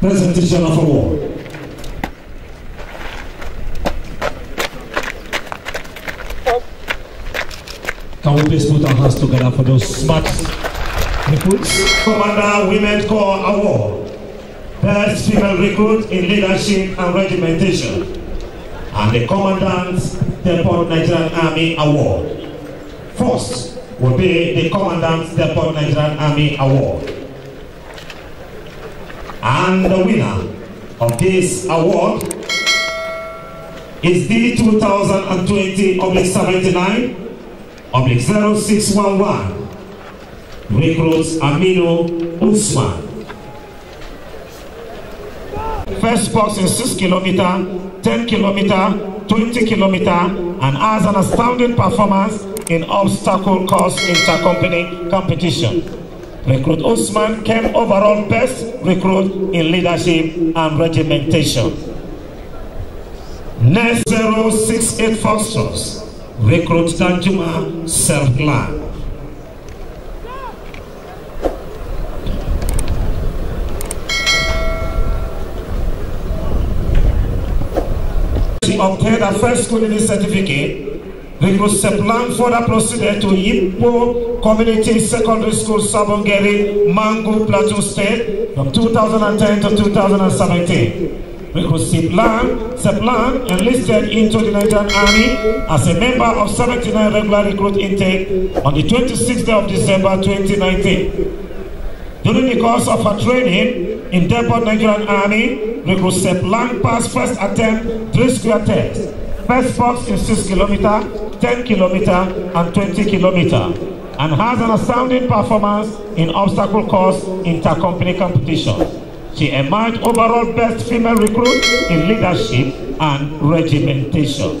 presentation of award. Can we please put our hands together for those smart recruits? Commander Women Corps Award. Best female recruit in leadership and regimentation. And the Commandant Depot Nigerian Army Award. First will be the Commandant Depot Nigerian Army Award. And the winner of this award is the 2020 Oblique 79 Oblique 0611 recruits Amino Usman. First box is 6 kilometer, 10 kilometer, 20 kilometer, and has an astounding performance in obstacle course intercompany competition. Recruit Usman came overall best recruit in leadership and regimentation. Next 068 Foxtrot, recruit Danjuma Selklan. She obtained her first school certificate for the proceeded to Yippo Community Secondary School, Sabongeri, Mango Plateau State from 2010 to 2017. Because Seplan, Seplan enlisted into the Nigerian Army as a member of 79 regular recruit intake on the 26th of December 2019. During the course of her training in Depot Nigerian Army, recruit Seplan passed first attempt three square test, first box in 6 kilometers, 10 kilometer and 20 kilometer and has an astounding performance in obstacle course intercompany competition. She emerged overall best female recruit in leadership and regimentation.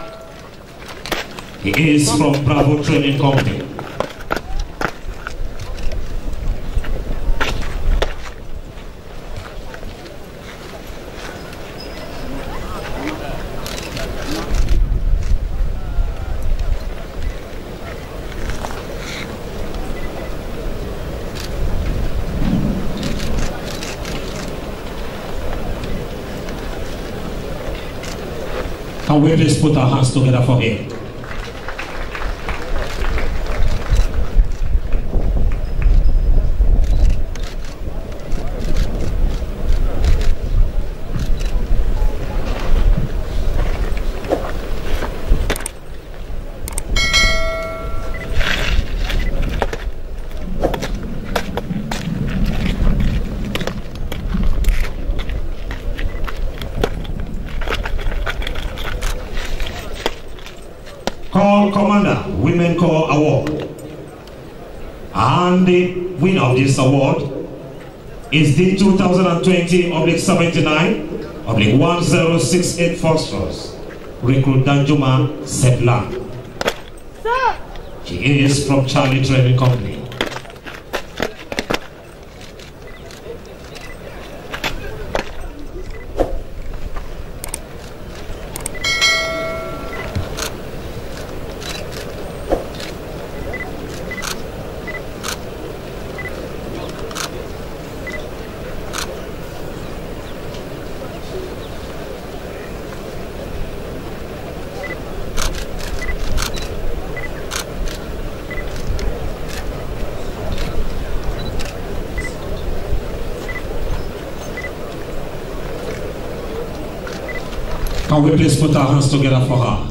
He is from Bravo Training Company. Can we just put our hands together for him? of this award is the 2020 Oblique 79 Oblique 1068 Phosphorus, Recruit Danjuma Sepla. She is from Charlie Training Company. Can we please put our hands together for her?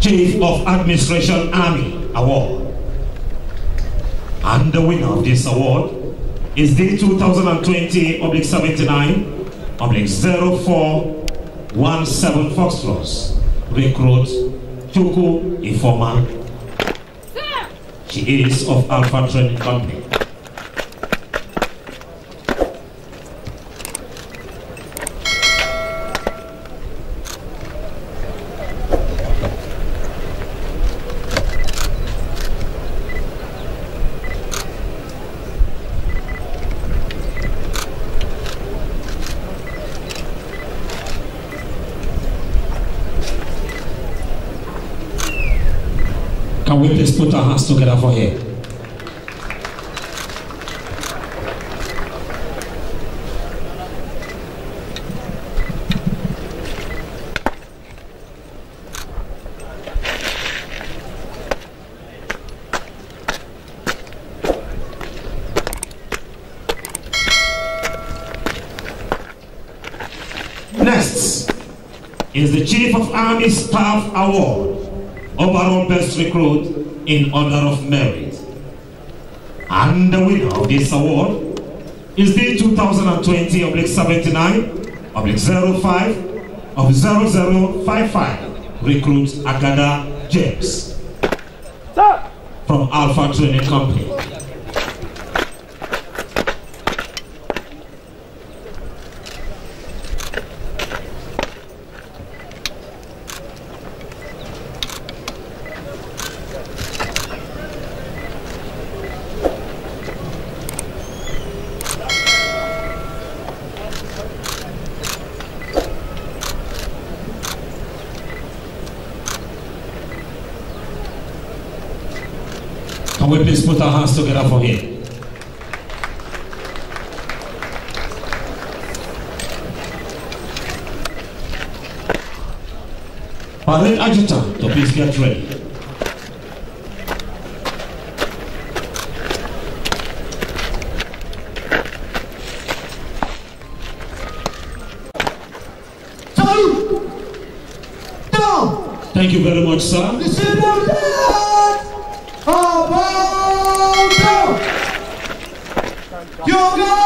Chief of Administration Army Award. And the winner of this award is the 2020 Oblique 79 Oblique 0417 Foxtrot recruit Chuku Informa. She is of Alpha Training Company. We witness, put our hands together for him. Next is the Chief of Army Staff Award. overall best recruit in order of merit. And the winner of this award is the 2020 oblique 79 oblique 05 of 0055 recruit Agada James Stop. from Alpha Training Company. Can we please put our hands together for him? Parade adjutant, please get ready. Thank you very much, sir. Roberto! Yoga!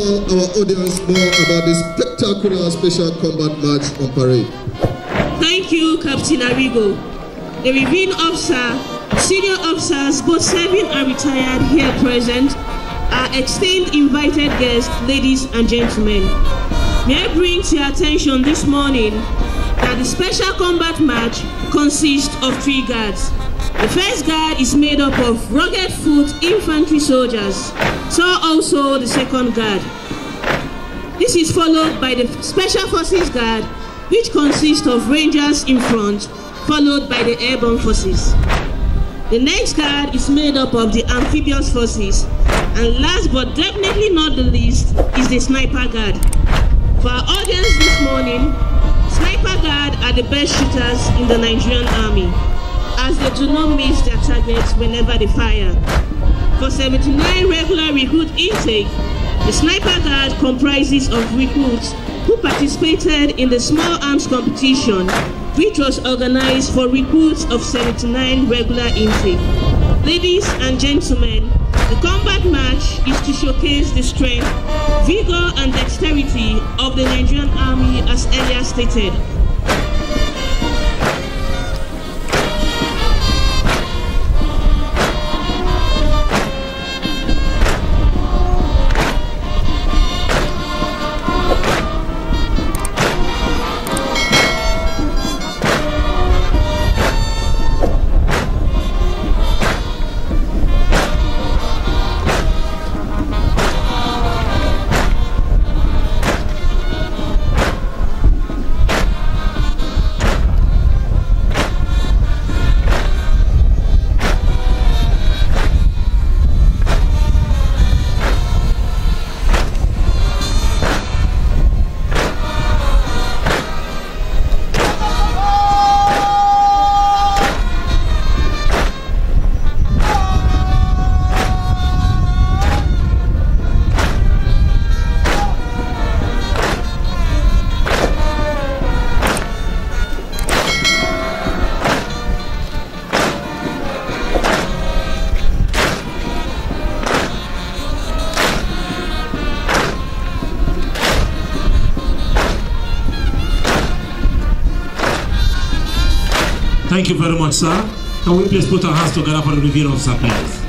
tell our audience more about this spectacular special combat match on parade. Thank you, Captain Arrigo. The reviewing officer, senior officers, both serving and retired here present, our esteemed invited guests, ladies and gentlemen. May I bring to your attention this morning that the special combat match consists of three guards. The first guard is made up of rugged foot infantry soldiers, so also the second guard. This is followed by the Special Forces Guard, which consists of Rangers in front, followed by the Airborne Forces. The next guard is made up of the Amphibious Forces, and last but definitely not the least is the Sniper Guard. For our audience this morning, Sniper Guard are the best shooters in the Nigerian Army as they do not miss their targets whenever they fire. For 79 regular recruit intake, the sniper guard comprises of recruits who participated in the small arms competition, which was organized for recruits of 79 regular intake. Ladies and gentlemen, the combat match is to showcase the strength, vigor, and dexterity of the Nigerian Army as earlier stated Thank you very much, sir. Can we please put our hands together for the reveal of surprise?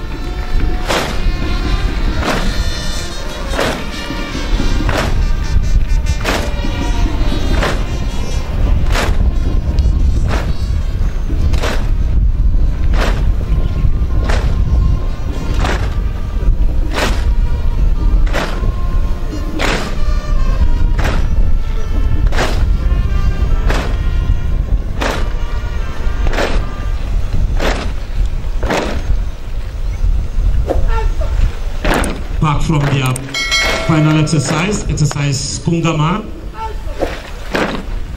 exercise, exercise Kungama,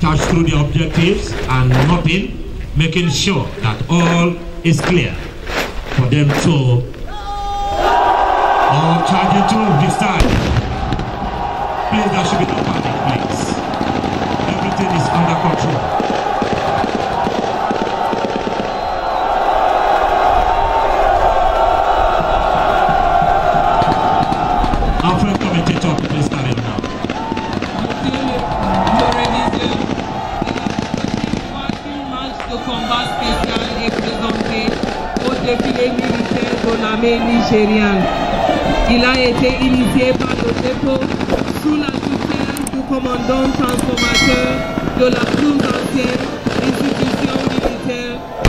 touch through the objectives and in, making sure that all is clear for them to all charging through this time. Please, should be no Il a été initié par le dépôt sous la tutelle du commandant transformateur de la plus ancienne institution militaire